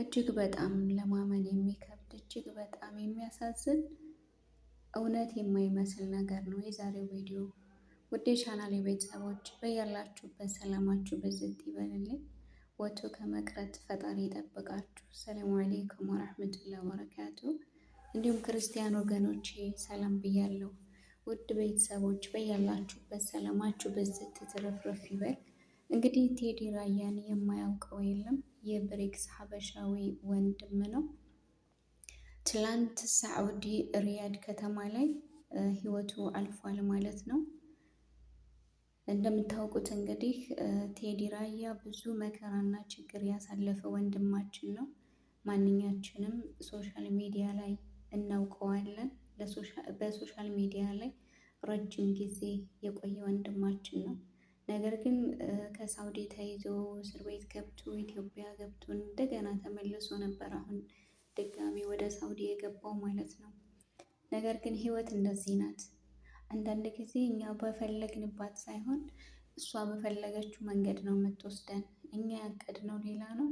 እጅግ በጣም ለማመን የሚከብድ እጅግ በጣም የሚያሳዝን እውነት የማይመስል ነገር ነው የዛሬው ቪዲዮ። ውዴ ቻናል የቤተሰቦች በያላችሁበት ሰላማችሁ ብዝት ይበልልኝ። ወቶ ከመቅረት ፈጣሪ ይጠብቃችሁ። ሰላሙ አሌይኩም ወረሕመቱላ ወበረካቱ። እንዲሁም ክርስቲያን ወገኖቼ ሰላም ብያለሁ። ውድ ቤተሰቦች በያላችሁበት ሰላማችሁ በዝት ትርፍርፍ ይበል። እንግዲህ ቴዲ ራያን የማያውቀው የለም የብሪክስ ሀበሻዊ ወንድም ነው። ትላንት ሳዑዲ ሪያድ ከተማ ላይ ህይወቱ አልፏል ማለት ነው። እንደምታውቁት እንግዲህ ቴዲ ራያ ብዙ መከራና ችግር ያሳለፈ ወንድማችን ነው። ማንኛችንም ሶሻል ሚዲያ ላይ እናውቀዋለን። በሶሻል ሚዲያ ላይ ረጅም ጊዜ የቆየ ወንድማችን ነው። ነገር ግን ከሳውዲ ተይዞ እስር ቤት ገብቶ ኢትዮጵያ ገብቶ እንደገና ተመልሶ ነበር አሁን ድጋሚ ወደ ሳውዲ የገባው ማለት ነው። ነገር ግን ህይወት እንደዚህ ናት። አንዳንድ ጊዜ እኛ በፈለግንባት ሳይሆን እሷ በፈለገችው መንገድ ነው የምትወስደን። እኛ ያቀድነው ሌላ ነው፣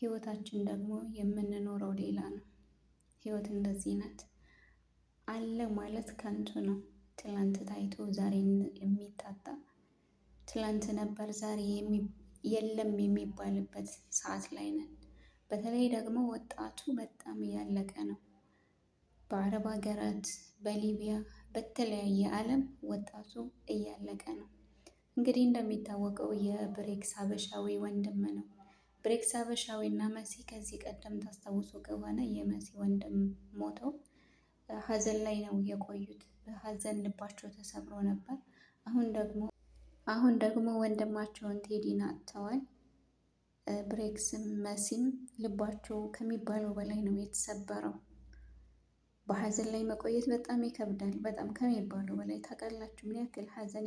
ህይወታችን ደግሞ የምንኖረው ሌላ ነው። ህይወት እንደዚህ ናት። አለ ማለት ከንቱ ነው። ትላንት ታይቶ ዛሬ የሚታጣ ትላንት ነበር ዛሬ የለም የሚባልበት ሰዓት ላይ ነን። በተለይ ደግሞ ወጣቱ በጣም እያለቀ ነው። በአረብ ሀገራት፣ በሊቢያ፣ በተለያየ ዓለም ወጣቱ እያለቀ ነው። እንግዲህ እንደሚታወቀው የብሬክስ ሀበሻዊ ወንድም ነው። ብሬክስ ሀበሻዊ እና መሲ ከዚህ ቀደም ታስታውሱ ከሆነ የመሲ ወንድም ሞተው ሀዘን ላይ ነው የቆዩት። በሀዘን ልባቸው ተሰብሮ ነበር። አሁን ደግሞ አሁን ደግሞ ወንድማቸውን ቴዲን አጥተዋል። ብሬክስም መሲም ልባቸው ከሚባለው በላይ ነው የተሰበረው። በሀዘን ላይ መቆየት በጣም ይከብዳል። በጣም ከሚባለው በላይ ታውቃላችሁ ምን ያክል ሀዘን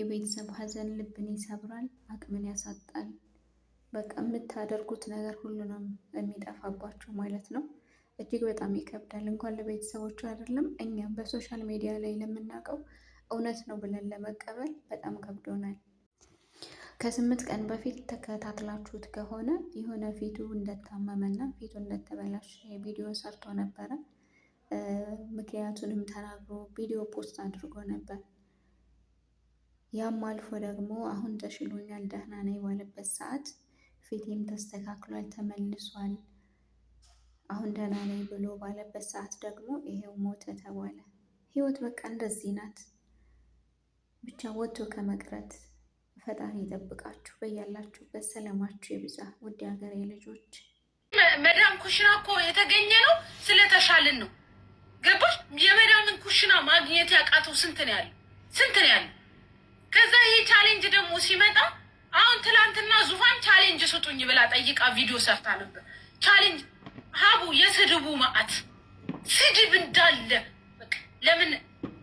የቤተሰብ ሀዘን ልብን ይሰብራል፣ አቅምን ያሳጣል። በቃ የምታደርጉት ነገር ሁሉ ነው የሚጠፋባቸው ማለት ነው። እጅግ በጣም ይከብዳል። እንኳን ለቤተሰቦቹ አይደለም እኛም በሶሻል ሚዲያ ላይ ለምናውቀው እውነት ነው ብለን ለመቀበል በጣም ከብዶናል። ከስምንት ቀን በፊት ተከታትላችሁት ከሆነ የሆነ ፊቱ እንደታመመና ፊቱ እንደተበላሸ ቪዲዮ ሰርቶ ነበረ። ምክንያቱንም ተናግሮ ቪዲዮ ፖስት አድርጎ ነበር። ያም አልፎ ደግሞ አሁን ተሽሎኛል ደህና ነኝ ባለበት ሰዓት ፊቴም ተስተካክሏል ተመልሷል፣ አሁን ደህና ነኝ ብሎ ባለበት ሰዓት ደግሞ ይሄው ሞተ ተባለ። ህይወት በቃ እንደዚህ ናት። ብቻ ወጥቶ ከመቅረት ፈጣሪ ይጠብቃችሁ። በያላችሁበት ሰላማችሁ ይብዛ። ውድ ሀገሬ ልጆች መዳም ኩሽና እኮ የተገኘ ነው ስለተሻልን ነው። ገባሽ? የመዳምን ኩሽና ማግኘት ያቃተው ስንት ነው ያለ ስንት ነው ያለ። ከዛ ይሄ ቻሌንጅ ደግሞ ሲመጣ አሁን ትላንትና ዙፋን ቻሌንጅ ስጡኝ ብላ ጠይቃ ቪዲዮ ሰርታ ነበር። ቻሌንጅ ሀቡ የስድቡ ማአት ስድብ እንዳለ ለምን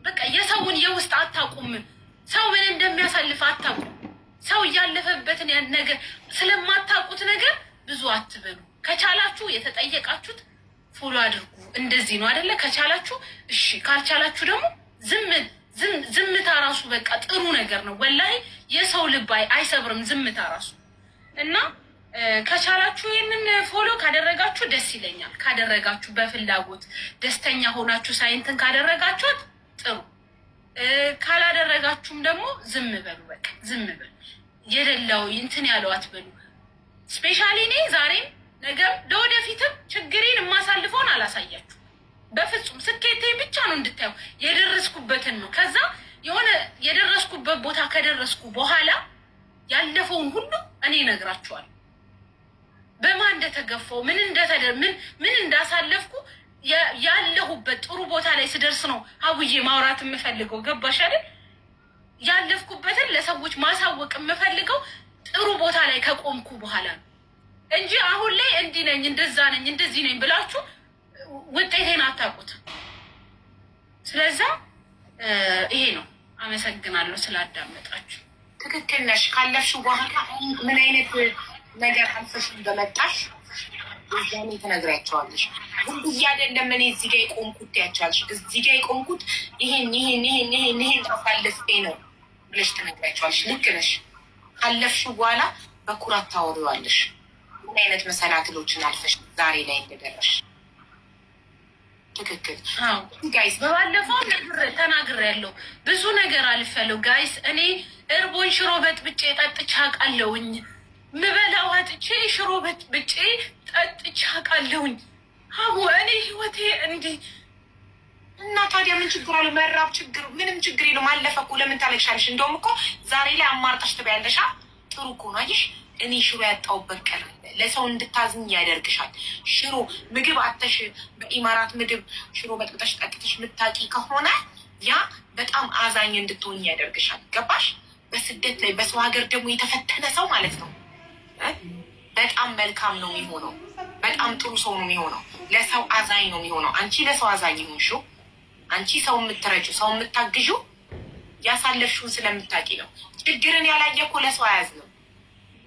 በቃ የሰውን የውስጥ አታቁምም? ሰው ምን እንደሚያሳልፍ አታውቁ ሰው እያለፈበትን ያን ነገር ስለማታውቁት ነገር ብዙ አትበሉ። ከቻላችሁ የተጠየቃችሁት ፎሎ አድርጉ። እንደዚህ ነው አደለ? ከቻላችሁ እሺ፣ ካልቻላችሁ ደግሞ ዝምታ ራሱ በቃ ጥሩ ነገር ነው። ወላሂ የሰው ልብ አይሰብርም ዝምታ ራሱ እና ከቻላችሁ ይህንን ፎሎ ካደረጋችሁ ደስ ይለኛል። ካደረጋችሁ በፍላጎት ደስተኛ ሆናችሁ ሳይንትን ካደረጋችሁት ዝም በሉ፣ በቃ ዝም በሉ። የደላው እንትን ያለው አትበሉ። ስፔሻሊ እኔ ዛሬም ነገም ለወደፊትም ችግሬን የማሳልፈውን አላሳያችሁ በፍጹም። ስኬቴ ብቻ ነው እንድታዩ የደረስኩበትን ነው። ከዛ የሆነ የደረስኩበት ቦታ ከደረስኩ በኋላ ያለፈውን ሁሉ እኔ ነግራችኋል። በማን እንደተገፋው ምን ምን ምን እንዳሳለፍኩ ያለሁበት ጥሩ ቦታ ላይ ስደርስ ነው አቡዬ ማውራት የምፈልገው። ገባሽ አይደል? ያለፍኩበትን ለሰዎች ማሳወቅ የምፈልገው ጥሩ ቦታ ላይ ከቆምኩ በኋላ ነው እንጂ አሁን ላይ እንዲህ ነኝ እንደዛ ነኝ እንደዚህ ነኝ ብላችሁ ውጤቴን አታውቁትም። ስለዛ ይሄ ነው። አመሰግናለሁ ስላዳመጣችሁ። ትክክል ነሽ። ካለፍሽ በኋላ ምን አይነት ነገር አልፈሽ እንደመጣሽ እዛኔ ትነግሪያቸዋለሽ። ዝም ብዬ አይደለም እኔ እዚህ ጋ የቆምኩት ያቻልሽ እዚህ ጋ የቆምኩት ይሄን ይሄን ይሄን ይሄን ይሄን አሳልፌ ነው ብለሽ ትነግራቸዋለሽ። ልክ ነሽ። ካለፍሽ በኋላ በኩራት ታወሪዋለሽ። ምን አይነት መሰናክሎችን አልፈሽ ዛሬ ላይ እንደደረሽ ትክክል ጋይስ፣ በባለፈው ነግር ተናግር ያለው ብዙ ነገር አልፈለው ጋይስ። እኔ እርቦን ሽሮ በጥብጬ ጠጥቼ አውቃለሁኝ። ምበላው አጥቼ ሽሮ በጥብጬ ጠጥቼ አውቃለሁኝ። አቡ እኔ ህይወቴ እንዲህ እና ታዲያ ምን ችግር አለው? መራብ ችግር ምንም ችግር የለውም። አለፈ እኮ ለምን ታለቅሻለሽ? እንደውም እኮ ዛሬ ላይ አማርጠሽ ትበያለሻ። ጥሩ እኮ ነው። አየሽ እኔ ሽሮ ያጣሁበት ቀን ለሰው እንድታዝኝ ያደርግሻል። ሽሮ ምግብ አተሽ በኢማራት ምግብ ሽሮ በጥብጠሽ ጠጥተሽ ምታቂ ከሆነ ያ በጣም አዛኝ እንድትሆኝ ያደርግሻል። ገባሽ? በስደት ላይ በሰው ሀገር ደግሞ የተፈተነ ሰው ማለት ነው በጣም መልካም ነው የሚሆነው። በጣም ጥሩ ሰው ነው የሚሆነው። ለሰው አዛኝ ነው የሚሆነው። አንቺ ለሰው አዛኝ ሆንሽው። አንቺ ሰው የምትረጩ ሰው የምታግዡ ያሳለፍሽውን ስለምታቂ ነው። ችግርን ያላየ እኮ ለሰው አያዝ ነው።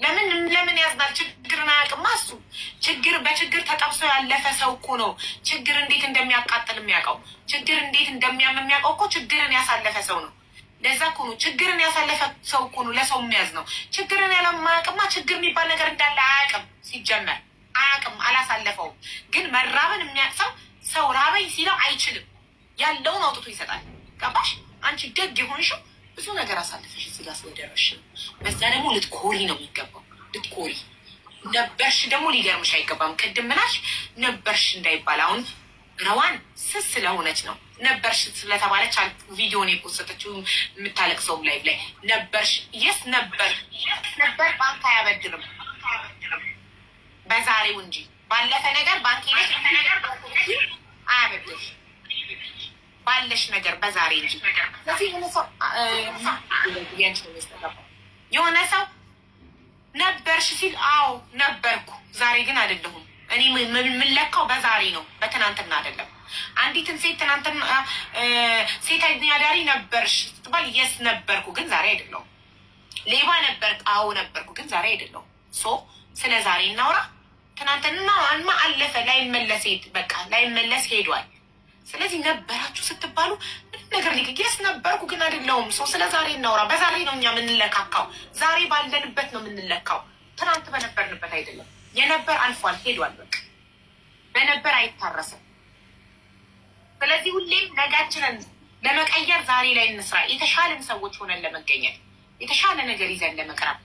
ለምን ለምን ያዝናል? ችግርን አያውቅማ እሱ። ችግር በችግር ተጠብሶ ያለፈ ሰው እኮ ነው ችግር እንዴት እንደሚያቃጥል የሚያውቀው፣ ችግር እንዴት እንደሚያም የሚያውቀው እኮ ችግርን ያሳለፈ ሰው ነው። ለዛ እኮ ነው ችግርን ያሳለፈ ሰው እኮ ነው ለሰው የሚያዝ ነው። ችግርን ያለማያውቅማ ችግር የሚባል ነገር እንዳለ አያውቅም። ሲጀመር አያውቅም፣ አላሳለፈውም። ግን መራብን የሚያውቅ ሰው ሰው ራበኝ ሲለው አይችልም ያለውን አውጥቶ ይሰጣል። ገባሽ? አንቺ ደግ የሆንሽው ብዙ ነገር አሳልፈሽ እዚህ ጋር በዛ ደግሞ ልትኮሪ ነው የሚገባው። ልትኮሪ ነበርሽ ደግሞ ሊገርምሽ አይገባም። ቅድም ምናሽ ነበርሽ እንዳይባል አሁን ረዋን ስስ ስለሆነች ነው ነበርሽ ስለተባለች ቪዲዮን የፖሰተችው የምታለቅሰው ላይ ላይ ነበርሽ። የስ ነበር ነበር ባንክ አያበድርም በዛሬው እንጂ ባለፈ ነገር ባንክ ነገር አያበድርም ባለሽ ነገር በዛሬ እንጂ የሆነ ሰው ነበርሽ ሲል አዎ ነበርኩ፣ ዛሬ ግን አይደለሁም። እኔ የምንለካው በዛሬ ነው፣ በትናንትና አይደለም። አንዲትን ሴት ትናንትና ሴት አዳሪ ነበርሽ ስትባል የስ ነበርኩ፣ ግን ዛሬ አይደለሁም። ሌባ ነበር፣ አዎ ነበርኩ፣ ግን ዛሬ አይደለሁም። ሶ ስለ ዛሬ እናውራ። ትናንትና ማ አለፈ፣ ላይመለስ በቃ ላይመለስ ሄዷል። ስለዚህ ነበራችሁ ስትባሉ ምንም ነገር ሊገ የስ ነበርኩ ግን አይደለሁም ሰው። ስለ ዛሬ እናውራ። በዛሬ ነው እኛ የምንለካካው። ዛሬ ባለንበት ነው የምንለካው። ትናንት በነበርንበት አይደለም። የነበር አልፏል፣ ሄዷል። በቃ በነበር አይታረስም። ስለዚህ ሁሌም ነጋችንን ለመቀየር ዛሬ ላይ እንስራ። የተሻለን ሰዎች ሆነን ለመገኘት የተሻለ ነገር ይዘን ለመቅረብ